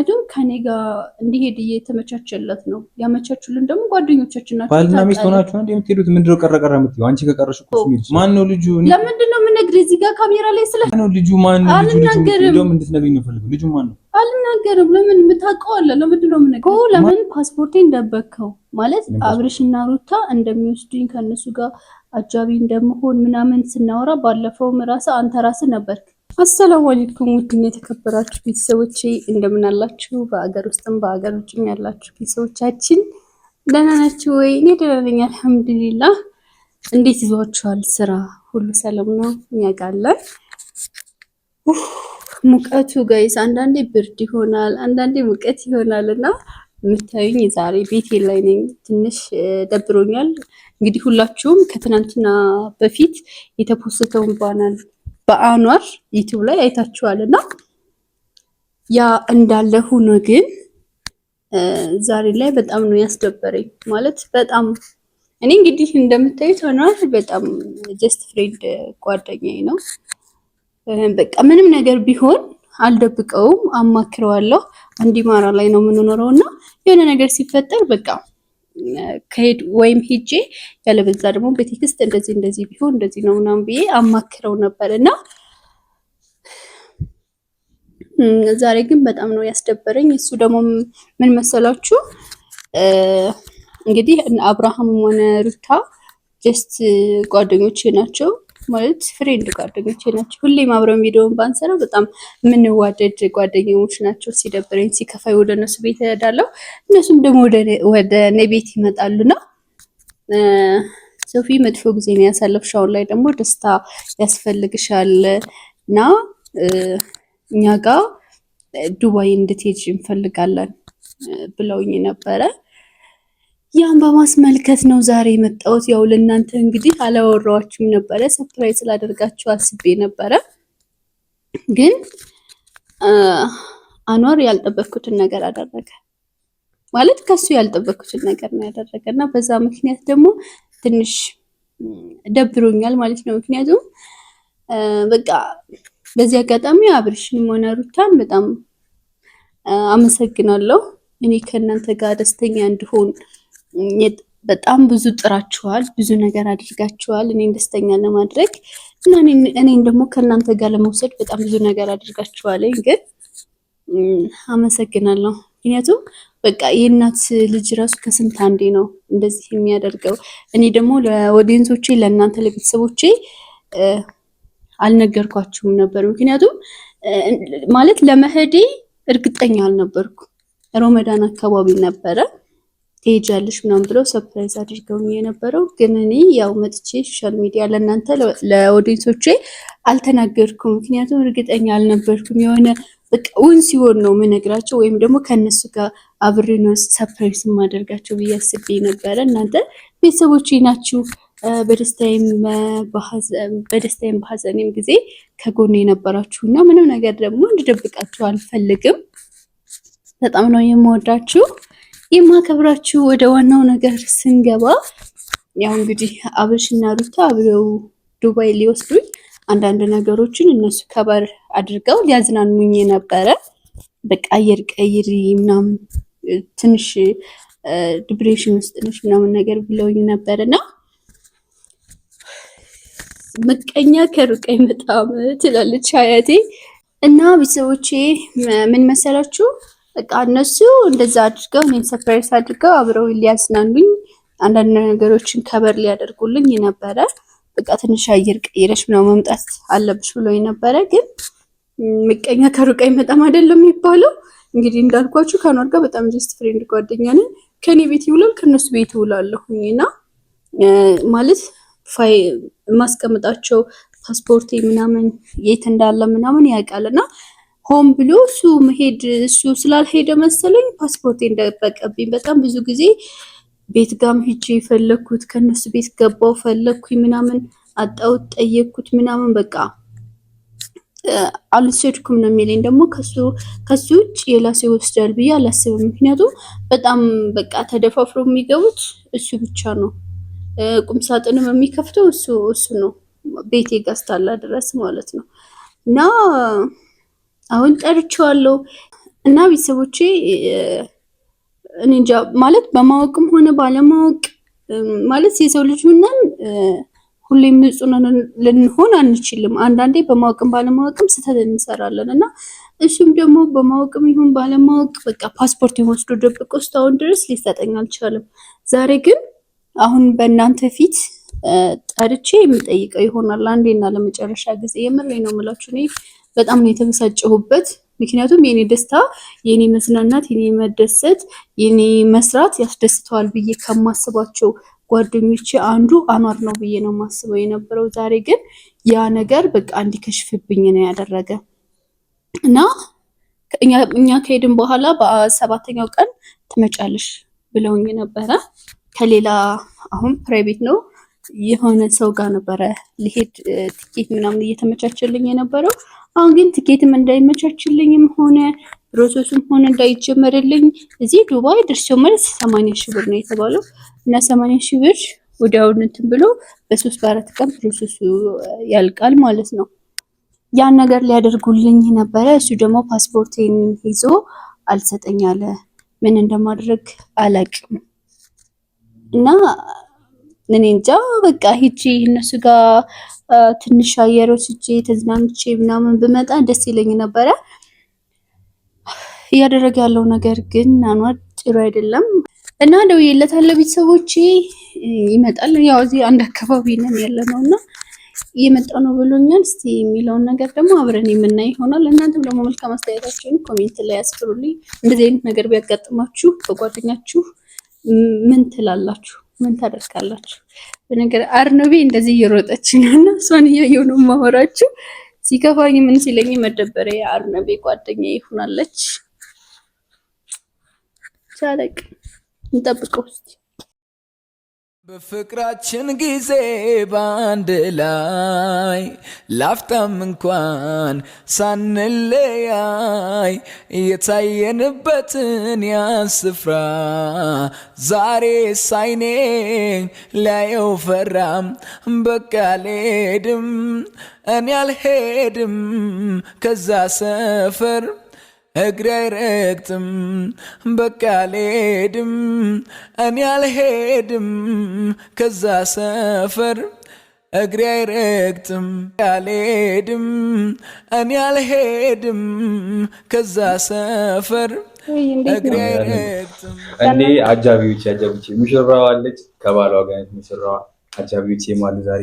ምክንያቱም ከኔ ጋር እንዲሄድ እየተመቻቸለት ነው። ያመቻቹልን ደግሞ ጓደኞቻችን ናቸው። ባልና ሚስት ሆናችሁ ነው የምትሄዱት? የምትይው አንቺ? ከቀረሽ እኮ ማን ነው ልጁ? ለምንድን ነው የምነግርህ? እዚህ ጋር ካሜራ ላይ ስለ ነው ልጁ ማን ነው? አልናገርም። እንድትነግሪኝ ነው የምፈልገው። ልጁ ማን ነው? አልናገርም። ለምን የምታውቀዋለህ? ለምንድን ነው የምነግርህ? ለምን ማለት አብርሽና ሩታ እንደሚወስዱኝ ከእነሱ ጋር አጃቢ እንደምሆን ምናምን ስናወራ ባለፈውም ራስህ አንተ ራስህ ነበርክ አሰላሙ አለይኩም ውድና የተከበራችሁ ቤተሰቦቼ እንደምን አላችሁ? በአገር ውስጥም በአገር ውጭም ያላችሁ ቤተሰቦቻችን ደህና ናችሁ ወይ? እኔ ደህና ነኝ አልሐምዱሊላህ። እንዴት ይዟችኋል? ስራ ሁሉ ሰላም ነው? እኛጋለን ሙቀቱ ጋይስ አንዳንዴ ብርድ ይሆናል፣ አንዳንዴ ሙቀት ይሆናል እና የምታዩኝ የዛሬ ቤቴ ላይ ነኝ። ትንሽ ደብሮኛል። እንግዲህ ሁላችሁም ከትናንትና በፊት የተፖሰተውን ባናል በአኗር ዩቲዩብ ላይ አይታችኋል። እና ያ እንዳለ ሆኖ ግን ዛሬ ላይ በጣም ነው ያስደበረኝ። ማለት በጣም እኔ እንግዲህ እንደምታዩት አኗር በጣም ጀስት ፍሬንድ ጓደኛዬ ነው። በቃ ምንም ነገር ቢሆን አልደብቀውም፣ አማክረዋለሁ። አንድ ማራ ላይ ነው የምንኖረው እና የሆነ ነገር ሲፈጠር በቃ ከሄድ ወይም ሄጄ ያለበዛ ደግሞ በቴክስት እንደዚህ እንደዚህ ቢሆን እንደዚህ ነው ምናምን ብዬ አማክረው ነበር እና ዛሬ ግን በጣም ነው ያስደበረኝ። እሱ ደግሞ ምን መሰላችሁ እንግዲህ አብርሃም ሆነ ሩታ ጀስት ጓደኞቼ ናቸው። ማለት ፍሬንድ ጓደኞቼ ናቸው። ሁሌም አብረን ቪዲዮን ባንሰራ በጣም የምንዋደድ ጓደኞች ናቸው። ሲደብረኝ ሲከፋይ ወደ እነሱ ቤት እሄዳለሁ፣ እነሱም ደግሞ ወደ እኔ ቤት ይመጣሉና ሶፊ መጥፎ ጊዜ ነው ያሳለፍሽ፣ አሁን ላይ ደግሞ ደስታ ያስፈልግሻል እና እኛ ጋር ዱባይ እንድትሄጅ እንፈልጋለን ብለውኝ ነበረ። ያን በማስመልከት ነው ዛሬ የመጣሁት። ያው ለእናንተ እንግዲህ አላወራኋችሁም ነበረ፣ ሰፕራይዝ ስላደርጋችሁ አስቤ ነበረ። ግን አኗር ያልጠበኩትን ነገር አደረገ። ማለት ከሱ ያልጠበኩትን ነገር ነው ያደረገ እና በዛ ምክንያት ደግሞ ትንሽ ደብሮኛል ማለት ነው። ምክንያቱም በቃ በዚህ አጋጣሚ አብርሽንም ሆነ ሩታን በጣም አመሰግናለሁ። እኔ ከእናንተ ጋር ደስተኛ እንድሆን በጣም ብዙ ጥራችኋል፣ ብዙ ነገር አድርጋችኋል እኔን ደስተኛ ለማድረግ እና እኔን ደግሞ ከእናንተ ጋር ለመውሰድ በጣም ብዙ ነገር አድርጋችኋለኝ። ግን አመሰግናለሁ። ምክንያቱም በቃ የእናት ልጅ ራሱ ከስንት አንዴ ነው እንደዚህ የሚያደርገው። እኔ ደግሞ ለወዴንሶቼ ለእናንተ ለቤተሰቦቼ አልነገርኳችሁም ነበር። ምክንያቱም ማለት ለመሄዴ እርግጠኛ አልነበርኩ። ሮመዳን አካባቢ ነበረ ትሄጃለሽ ምናምን ብለው ሰፕራይዝ አድርገውኝ የነበረው ግን እኔ ያው መጥቼ ሶሻል ሚዲያ ለእናንተ ለኦዲንሶቼ አልተናገርኩም። ምክንያቱም እርግጠኛ አልነበርኩም። የሆነ እውን ሲሆን ነው የምነግራቸው ወይም ደግሞ ከእነሱ ጋር አብሬ ነው ሰፕራይዝ የማደርጋቸው ብዬ አስቤ ነበረ። እናንተ ቤተሰቦቼ ናችሁ። በደስታዬም በሀዘኔም ጊዜ ከጎን የነበራችሁ እና ምንም ነገር ደግሞ እንድደብቃችሁ አልፈልግም። በጣም ነው የምወዳችሁ። የማከብራችሁ ወደ ዋናው ነገር ስንገባ ያው እንግዲህ አብርሽና ሩታ አብረው ዱባይ ሊወስዱኝ አንዳንድ ነገሮችን እነሱ ከበር አድርገው ሊያዝናኑኝ ነበረ። በቃ አየር ቀይሪ ምናምን ትንሽ ዲፕሬሽን ውስጥ ነሽ ምናምን ነገር ብለውኝ ነበር እና ምቀኛ ከሩቅ አይመጣም ትላለች አያቴ። እና ቤተሰቦቼ ምን መሰላችሁ በቃ እነሱ እንደዛ አድርገው እኔን ሰፕራይዝ አድርገው አብረው ሊያዝናኑኝ አንዳንድ ነገሮችን ከበር ሊያደርጉልኝ ነበረ። በቃ ትንሽ አየር ቀይረሽ ምናው መምጣት አለብሽ ብሎ ነበረ። ግን ምቀኛ ከሩቅ አይመጣም አይደለም የሚባለው። እንግዲህ እንዳልኳችሁ ከኗር ጋር በጣም ጀስት ፍሬንድ ጓደኛ ነን። ከኔ ቤት ይውላል፣ ከእነሱ ቤት ይውላለሁኝ እና ማለት ማስቀምጣቸው ፓስፖርቴ ምናምን የት እንዳለ ምናምን ያውቃል እና ሆን ብሎ እሱ መሄድ እሱ ስላልሄደ መሰለኝ ፓስፖርት እንደበቀብኝ በጣም ብዙ ጊዜ ቤት ጋም ሂጄ የፈለግኩት ከነሱ ቤት ገባው ፈለግኩኝ ምናምን አጣሁት ጠየቅኩት ምናምን በቃ አልወሰድኩም ነው የሚለኝ። ደግሞ ከሱ ውጭ የላሰ ይወስዳል ብዬ አላስብም። ምክንያቱም በጣም በቃ ተደፋፍሮ የሚገቡት እሱ ብቻ ነው። ቁምሳጥንም የሚከፍተው እሱ እሱ ነው ቤቴ ጋስታላ ድረስ ማለት ነው እና አሁን ጠርቼዋለሁ እና ቤተሰቦቼ እንጃ ማለት በማወቅም ሆነ ባለማወቅ ማለት የሰው ልጅ ምናምን ሁሌም ንጹህ ልንሆን አንችልም። አንዳንዴ በማወቅም ባለማወቅም ስህተት እንሰራለን እና እሱም ደግሞ በማወቅም ይሁን ባለማወቅ በቃ ፓስፖርት ወስዶ ደብቆ እስካሁን ድረስ ሊሰጠኝ አልቻለም። ዛሬ ግን አሁን በእናንተ ፊት ጠርቼ የምጠይቀው ይሆናል አንዴና ለመጨረሻ ጊዜ። የምሬ ነው የምላችሁ እኔ በጣም ነው የተበሳጨሁበት። ምክንያቱም የኔ ደስታ፣ የኔ መዝናናት፣ የኔ መደሰት፣ የኔ መስራት ያስደስተዋል ብዬ ከማስባቸው ጓደኞቼ አንዱ አኗር ነው ብዬ ነው ማስበው የነበረው። ዛሬ ግን ያ ነገር በቃ እንዲከሽፍብኝ ነው ያደረገ እና እኛ ከሄድን በኋላ በሰባተኛው ቀን ትመጫለሽ ብለውኝ ነበረ። ከሌላ አሁን ፕራይቬት ነው የሆነ ሰው ጋር ነበረ ሊሄድ ትኬት ምናምን እየተመቻቸልኝ የነበረው። አሁን ግን ትኬትም እንዳይመቻችልኝም ሆነ ፕሮሰሱም ሆነ እንዳይጀመርልኝ እዚህ ዱባይ ደርሼው መልስ ሰማንያ ሺህ ብር ነው የተባለው እና ሰማንያ ሺህ ብር ብሎ እንትን ብሎ በሶስት በአራት ቀን ፕሮሰሱ ያልቃል ማለት ነው። ያን ነገር ሊያደርጉልኝ ነበረ። እሱ ደግሞ ፓስፖርቴን ይዞ አልሰጠኝ አለ። ምን እንደማድረግ አላቅም እና እኔ እንጃ በቃ ሂጂ እነሱ ጋር ትንሽ አየሮች ወስጄ ተዝናንቼ ምናምን ብመጣ ደስ ይለኝ ነበረ። እያደረገ ያለው ነገር ግን አኗር ጥሩ አይደለም እና ደውዬለታለሁ። ቤተሰቦች ይመጣል። ያው እዚህ አንድ አካባቢ ነን ያለ ነው እና እየመጣ ነው ብሎኛል። እስቲ የሚለውን ነገር ደግሞ አብረን የምናይ ይሆናል። እናንተም ደግሞ መልካም አስተያየታችሁን ኮሜንት ላይ ያስፍሩልኝ። እንደዚህ አይነት ነገር ቢያጋጥማችሁ በጓደኛችሁ ምን ትላላችሁ? ምን ታደርጋላችሁ? በነገር አርኖቢ እንደዚህ እየሮጠች ነው እና እሷን እያየሁ ነው የማወራችሁ። ሲከፋኝ ምን ሲለኝ መደበረ የአርኖቢ ጓደኛ ይሁናለች። ቻለቅ እንጠብቀው እስኪ በፍቅራችን ጊዜ በአንድ ላይ ላፍታም እንኳን ሳንለያይ እየታየንበትን ያን ስፍራ ዛሬ ሳይኔ ላየው ፈራም። በቃ ሌድም እኔ አልሄድም ከዛ ሰፈር እግሬ አይረግጥም በቃ አልሄድም እኔ አልሄድም ከዛ ሰፈር እግሬ አይረግጥም አልሄድም እኔ አልሄድም ከዛ ሰፈር እግሬ አይረግጥም። እንዴ አጃቢዎች አጃቢዎች ሙሽራዋ አለች ከባሏ ጋር ሙሽራዋ አጃቢዎች የማሉ ዛሬ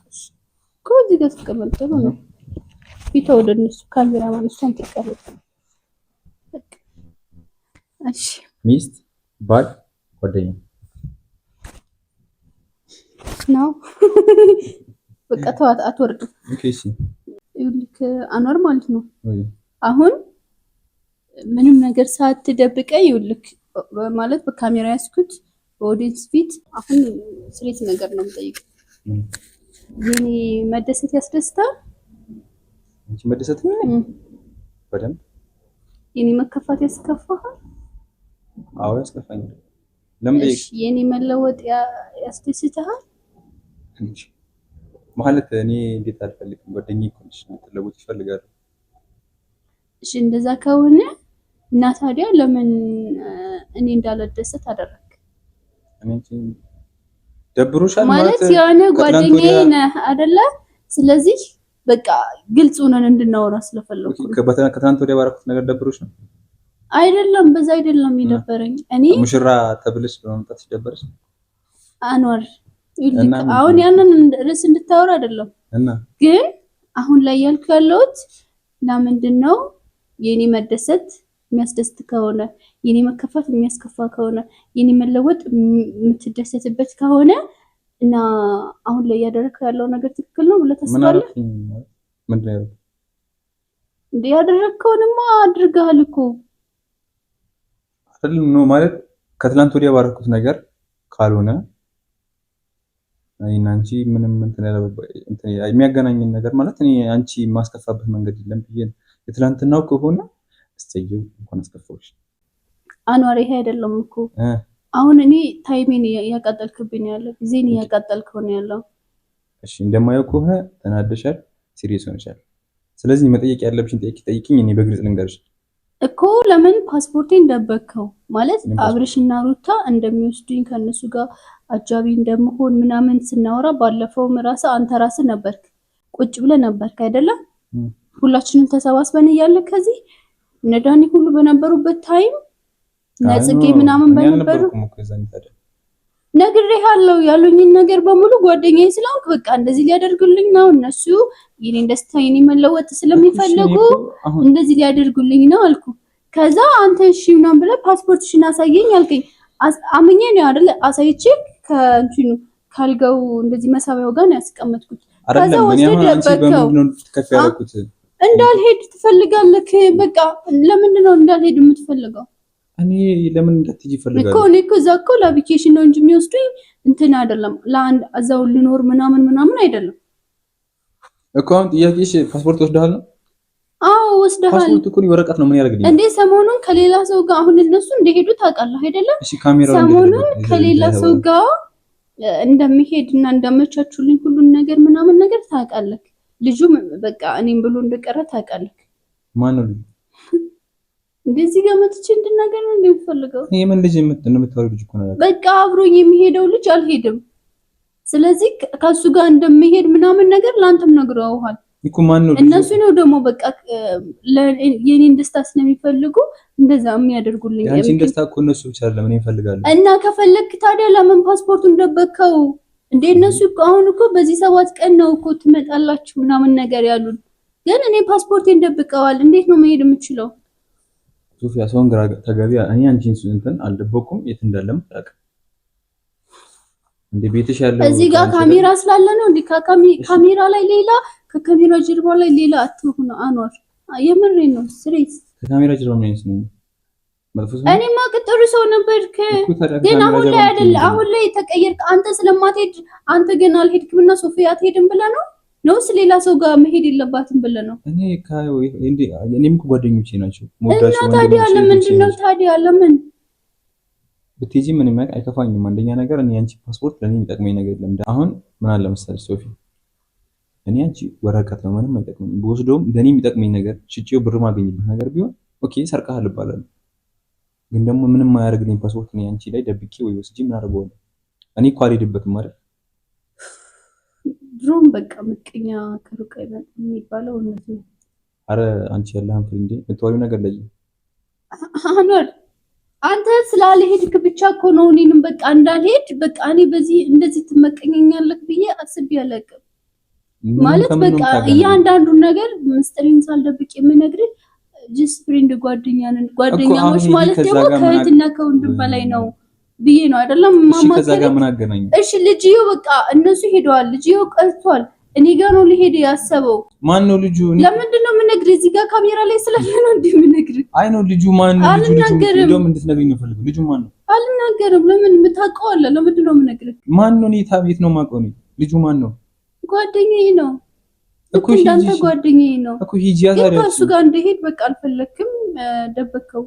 ከዚህ ጋር ስቀመጥ ጥሩ ነው። ፊቷ ወደ እነሱ ካሜራ ማነሷን ትቀመጥ። እሺ ሚስት፣ ባል፣ ጓደኛ ነው። በቃ ተዋት፣ አትወርድም። ይኸውልህ አኗር ማለት ነው። አሁን ምንም ነገር ሳትደብቀኝ ይኸውልህ ማለት በካሜራ ያስኩት በኦዲየንስ ፊት አሁን ስሬት ነገር ነው የምጠይቀው የኔ መደሰት ያስደስታል። አንቺ መደሰት ምን በደንብ የኔ መከፋት ያስከፋሃል? አዎ ያስከፋኛል። ለምን የኔ መለወጥ ያስደስትሃል? ማለት እኔ እንዴት አልፈልግም። ጓደኛዬ እኮ ነሽ፣ መለወጥ ይፈልጋል። እሺ እንደዛ ከሆነ እና ታዲያ ለምን እኔ እንዳልደሰት አደረግ? ደብሮሻል ማለት የሆነ ጓደኛዬ ነህ አይደለ? ስለዚህ በቃ ግልጽ ሆነን እንድናወራ ስለፈለኩ። ከትናንት ወዲያ ባረኩት ነገር ደብሮሽ ነው አይደለም? በዛ አይደለም የደበረኝ። እኔ ሙሽራ ተብለሽ በመምጣት ሲደበረሽ አንዋር፣ አሁን ያንን ርዕስ እንድታወራ አይደለም ግን አሁን ላይ ያልኩ ያለሁት ለምንድን ነው የኔ መደሰት የሚያስደስት ከሆነ የኔ መከፋት የሚያስከፋ ከሆነ የኔ መለወጥ የምትደሰትበት ከሆነ እና አሁን ላይ እያደረግከው ያለው ነገር ትክክል ነው ብለህ ታስባለህ? እንደ ያደረግከውንማ አድርገሃል እኮ ነው ማለት ከትላንት ወዲያ ባረኩት ነገር ካልሆነ እኔና አንቺ ምንም የሚያገናኝን ነገር ማለት እኔ አንቺ የማስከፋበት መንገድ የለም ብዬ የትላንትናው ከሆነ እሰየው እንኳን አስከፋዎች። አንዋር ይሄ አይደለም እኮ አሁን እኔ ታይሜን እያቃጠልክብኝ ያለው ጊዜን እያቃጠልክ ነው ያለው። እሺ እንደማየው ከሆነ ተናደሻል፣ ሲሪየስ ሆነሻል። ስለዚህ መጠየቅ ያለብሽን ጠይቂ፣ ጠይቅኝ፣ እኔ በግልጽ ልንገርሽ እኮ ለምን ፓስፖርቴን ደበቅከው? ማለት አብርሽና ሩታ እንደሚወስዱኝ ከእነሱ ጋር አጃቢ እንደምሆን ምናምን ስናወራ ባለፈውም ራስ አንተ ራስህ ነበርክ ቁጭ ብለ ነበርክ አይደለም? ሁላችንም ተሰባስበን እያለ ከዚህ እነ ዳኒ ሁሉ በነበሩበት ታይም ነጽጌ ምናምን በነበሩ ነግሬሃለሁ ያሉኝን ነገር በሙሉ ጓደኛዬ ስለሆንክ በቃ እንደዚህ ሊያደርጉልኝ ነው እነሱ የኔን ደስታ የኔን መለወጥ ስለሚፈልጉ እንደዚህ ሊያደርጉልኝ ነው አልኩ። ከዛ አንተ እሺ ምናምን ብለህ ፓስፖርትሽን አሳየኝ አልከኝ። አምኜ ነው አይደል አሳይቼ ከእንትኑ ካልገው እንደዚህ መሳቢያው ጋር ነው ያስቀመጥኩት። ከዛ ወስደህ ደበቀው። እንዳልሄድ ትፈልጋለህ። በቃ ለምንድን ነው እንዳልሄድ የምትፈልገው? እኔ ለምን እንዳትሄጂ እፈልጋለሁ እኮ እኔ እኮ እዛ እኮ ነው እንጂ የሚወስዱኝ እንትን አይደለም። ለአንድ እዛው ልኖር ምናምን ምናምን አይደለም እኮ። አሁን ጥያቄሽ ፓስፖርት ወስደሃል ነው? አዎ ወስደሃል። ፓስፖርት እኮ ወረቀት ነው። ምን ያደርግልኝ እንዴ? ሰሞኑን ከሌላ ሰው ጋር አሁን እነሱ እንደሄዱ ታውቃለህ አይደለም? ሰሞኑን ከሌላ ሰው ጋር እንደሚሄድና እንዳመቻቹልኝ ሁሉን ነገር ምናምን ነገር ታውቃለህ ልጁ በቃ እኔም ብሎ እንደቀረ ታውቃለህ። ማን ልጅ እንደዚህ ጋር መጥቼ እንድናገር ነው እንደምፈልገው። የምን ልጅ እንደምታወሪው ልጅ እኮ ነው። በቃ አብሮኝ የሚሄደው ልጅ አልሄድም። ስለዚህ ከሱ ጋር እንደምሄድ ምናምን ነገር ለአንተም ነግረውሃል እኮ። ማነው ልጁ? እነሱ ነው ደግሞ በቃ የኔን ደስታ ስለሚፈልጉ እንደዛ የሚያደርጉልኝ። አንቺን ደስታ እኮ እነሱ ብቻ አይደለም እኔ እፈልጋለሁ። እና ከፈለክ ታዲያ ለምን ፓስፖርቱን ደበቅከው? እንዴ እነሱ አሁን እኮ በዚህ ሰባት ቀን ነው እኮ ትመጣላችሁ ምናምን ነገር ያሉን፣ ግን እኔ ፓስፖርቴን ደብቀዋል። እንዴት ነው መሄድ የምችለው? ሱፊያ ሰውን ግራ ተገቢ። እኔ አንቺን እንትን አልደበቁም የት እንዳለም አላውቅም። እንዴ ቤትሽ ያለው እዚህ ጋር ካሜራ ስላለ ነው እንዴ? ካሜራ ላይ ሌላ ከካሜራ ጀርባ ላይ ሌላ አትሁን አኗር። የምሬን ነው ስሬት ከካሜራ ጀርባ ምን ነው እኔማ ቅጥሩ ሰው ነበርክ፣ ግን አሁን ላይ አይደል? አሁን ላይ የተቀየርክ አንተ ስለማትሄድ አንተ ግን አልሄድክምና ሶፊያ አትሄድም ብለህ ነው ነውስ ሌላ ሰው ጋር መሄድ የለባትም ብለህ ነው? እኔ ካዩ እንዴ እኔም ጓደኞቼ ናቸው። እና ታዲያ ለምንድን ነው ታዲያ ለምን ብትሄጂ ምንም አይከፋኝም። አንደኛ ነገር እኔ አንቺ ፓስፖርት ለእኔ የሚጠቅመኝ ነገር የለም። አሁን ምን አለ መሰለሽ ሶፊ እኔ አንቺ ወረቀት ነው ምንም አይጠቅመኝ። በወስዶም ለእኔ የሚጠቅመኝ ነገር ሽጬው ብር ማገኝበት ነገር ቢሆን ኦኬ ሰርቀሃል እባላለሁ ግን ደግሞ ምንም አያደርግልኝ ፓስፖርት ነው አንቺ ላይ ደብቄ ወይ ወስጄ ምን ነው? እኔ እኮ አልሄድበትም አይደል? ድሮም በቃ ምቀኛ ከሩቅ አይመጣም የሚባለው እውነት ነው። አረ አንቺ ያለህን ፍሬንዴ የምታወሪው ነገር ላይ አኖር አንተ ስላልሄድክ ብቻ እኮ ነው እኔንም በቃ እንዳልሄድ በቃ እኔ በዚህ እንደዚህ ትመቀኘኛለህ ብዬ አስቤ አላውቅም። ማለት በቃ እያንዳንዱን ነገር ምስጢሬን ሳልደብቅ የምነግርህ ጅስ ፍሬንድ ጓደኛ ጓደኛሞች ማለት ደግሞ ከእህትና ከወንድም በላይ ነው ብዬ ነው አይደለም ማማከር። እሺ ልጅዮ በቃ እነሱ ሄደዋል። ልጅዮ ቀርቷል። እኔ ጋር ነው ሊሄድ ያሰበው። ማን ነው ልጁ? ለምንድን ነው የምነግርህ? እዚህ ጋር ካሜራ ላይ ስላለ ነው እንዴ የምነግርህ? አይ ነው ልጁ ማን ነው? አልናገርም። እንደውም እንድትነግሪኝ ነው የምፈልገው። ልጁ ማን ነው? አልናገርም። ለምን የምታውቀው አለ? ለምንድን ነው የምነግርህ? ማን ነው? እኔ ታቤት ነው የማውቀው። ልጁ ማን ነው? ጓደኛዬ ነው። እኮ እንዳንተ ጓደኛዬ ነው እኮ ሂጂ። ያዛሬ እኮ እሱ ጋር እንደሄድ በቃ አልፈለክም፣ ደበከው።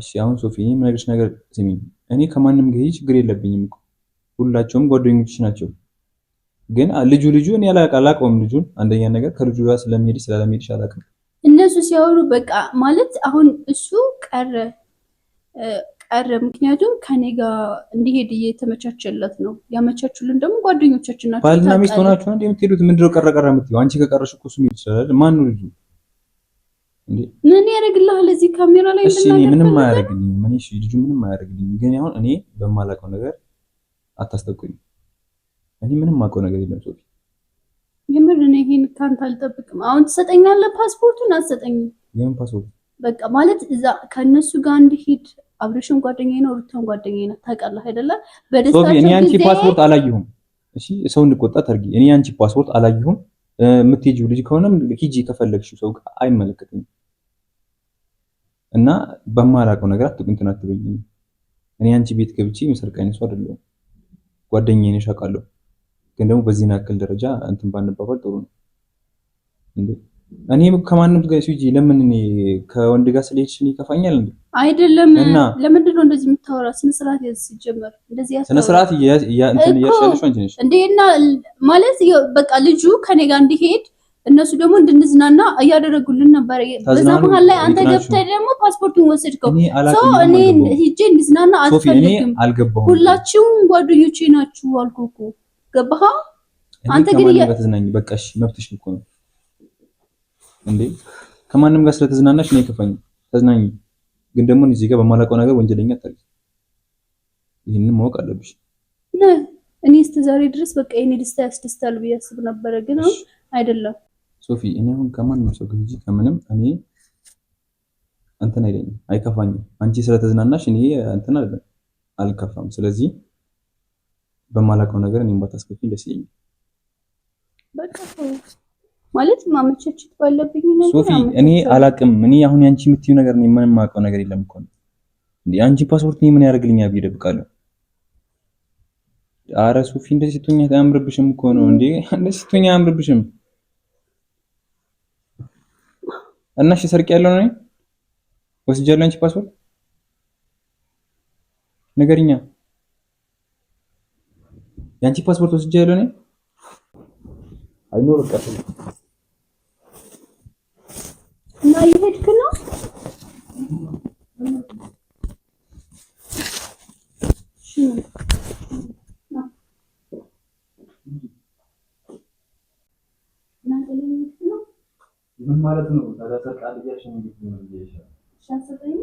እሺ አሁን ሶፊ የምነግርሽ ነገር ስሚ፣ እኔ ከማንም ጋር ችግር የለብኝም እኮ ሁላቸውም ጓደኞችሽ ናቸው። ግን ልጁ ልጁ እኔ አላውቀውም ልጁን። አንደኛ ነገር ከልጁ ጋር ስለሚሄድ ስላለሚሄድሽ አላውቅም። እነሱ ሲያወሩ በቃ ማለት አሁን እሱ ቀረ ቀረ። ምክንያቱም ከኔ ጋር እንዲሄድ እየተመቻቸለት ነው። ያመቻቹልን ደግሞ ጓደኞቻችን ናቸው። ባልና ሚስት ሆናችሁ አንድ የምትሄዱት ምንድነው? ቀረቀረ ቀረ የምትይው አንቺ ከቀረሽ እኮ እሱ የሚሄድ ይችላል። ማን ነው ልጁ? ምን ያደርግልሃል? እዚህ ካሜራ ላይ ምንም አያደርግልኝም። እኔ እሺ፣ ልጁ ምንም አያደርግልኝም። ግን አሁን እኔ በማላውቀው ነገር አታስጠቁኝ። እኔ ምንም አውቀው ነገር የለም ሶፊ። የምር እኔ ይሄን ካንተ አልጠብቅም። አሁን ትሰጠኛለህ ፓስፖርቱን? አትሰጠኝም። የምን ፓስፖርት? በቃ ማለት እዛ ከእነሱ ጋር እንድሄድ አብሬሽም ጓደኛዬ ነው፣ ሩታም ጓደኛዬ ነው። ታውቃለህ አይደለ? በደስታ ጊዜ እኔ አንቺ ፓስፖርት አላየሁም። እሺ ሰው እንድቆጣ ታርጊ። እኔ አንቺ ፓስፖርት አላየሁም። የምትሄጂው ልጅ ከሆነም ሂጂ ከፈለግሽው ሰው ጋር አይመለከተኝም። እና በማላውቀው ነገር አትቁንትን አትበይኝ። እኔ አንቺ ቤት ገብቼ መሰርቀኝ ሰው አይደለሁም። ጓደኛዬ ነሽ አውቃለሁ። ግን ደግሞ በዚህን ያክል ደረጃ እንትን ባንባባል ጥሩ ነው እንዴ? እኔ ከማንም ጋር ሲጂ ለምን እኔ ከወንድ ጋር ስለሄድሽ ይከፋኛል እንዴ? አይደለም። ለምንድን ነው እንደዚህ የምታወራ? ስነ ስርዓት ሲጀመር እንደዚህ ያሰራ ስነ ስርዓት እና ማለት በቃ ልጁ ከኔ ጋር እንዲሄድ እነሱ ደግሞ እንድንዝናና እያደረጉልን ነበር። በዛ መሀል ላይ አንተ ገብተህ ደግሞ ፓስፖርቱን ወሰድከው። ሰው እኔ ሂጄ እንድዝናና አልፈልግም። ሁላችሁም ጓደኞቼ ናችሁ አልኩህ እኮ ገባህ? አንተ ግን በቃ እሺ መብትሽ እኮ ነው እንዴ ከማንም ጋር ስለተዝናናሽ ነው የከፋኝ። ተዝናኝ፣ ግን ደግሞ እዚህ ጋር በማላውቀው ነገር ወንጀለኛ አታርጊ። ይህንን ማወቅ አለብሽ። እኔ እስከ ዛሬ ድረስ በቃ የኔ ደስታ ያስደስታል ብዬ አስብ ነበረ፣ ግን አይደለም ሶፊ። እኔ አሁን ከማንም ሰው ግብጂ ከምንም እኔ እንትን አይለኝም፣ አይከፋኝም። አንቺ ስለተዝናናሽ እኔ እንትን አይደለም አልከፋም። ስለዚህ በማላውቀው ነገር እኔም ባታስከፊ ደስ ይለኛል። በቃ ማለት ማመቻቸት ባለብኝ ነገር ሶፊ፣ እኔ አላቅም። እኔ አሁን ያንቺ የምትይው ነገር ነው ምንም የማውቀው ነገር የለም እኮ እንዴ። አንቺ ፓስፖርት ምን ያደርግልኛል ብዬ እደብቃለሁ? አረ ሶፊ፣ እንደዚህ ስትሆኛ አያምርብሽም እኮ ነው እንዴ። እንደዚህ ስትሆኛ አያምርብሽም። እና እሺ፣ ሰርቅ ያለው ነው ወስጃለሁ። አንቺ ፓስፖርት ነገርኛ፣ የአንቺ ፓስፖርት ወስጃለሁ ነው አይኖር በቃ Nein, mitgenommen? Schön. Ja. ምን ማለት ነው? ሰላሳ ቃል እያሸን እንዴት ነው ይሻል? ሻሰጠኝ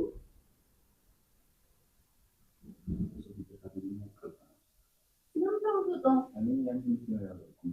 ነው ነው ነው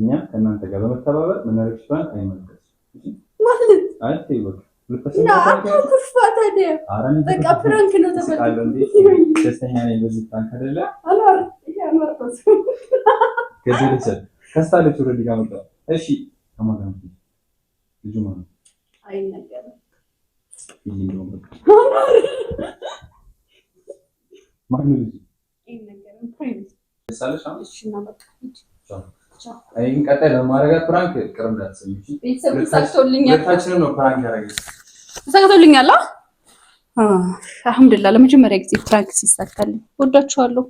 እኛም ከእናንተ ጋር በመተባበር መናሪክ ሽፋን አይመልከት ማለት በቃ ይህን ቀጣይ ለማድረጋት ፕራንክ ቅር እንዳትሰኝ። ነው ፕራንክ ተሳክቶልኛል። አልሐምዱሊላህ ለመጀመሪያ ጊዜ ፕራንክ ሲሳካልኝ ወዳችኋለሁ።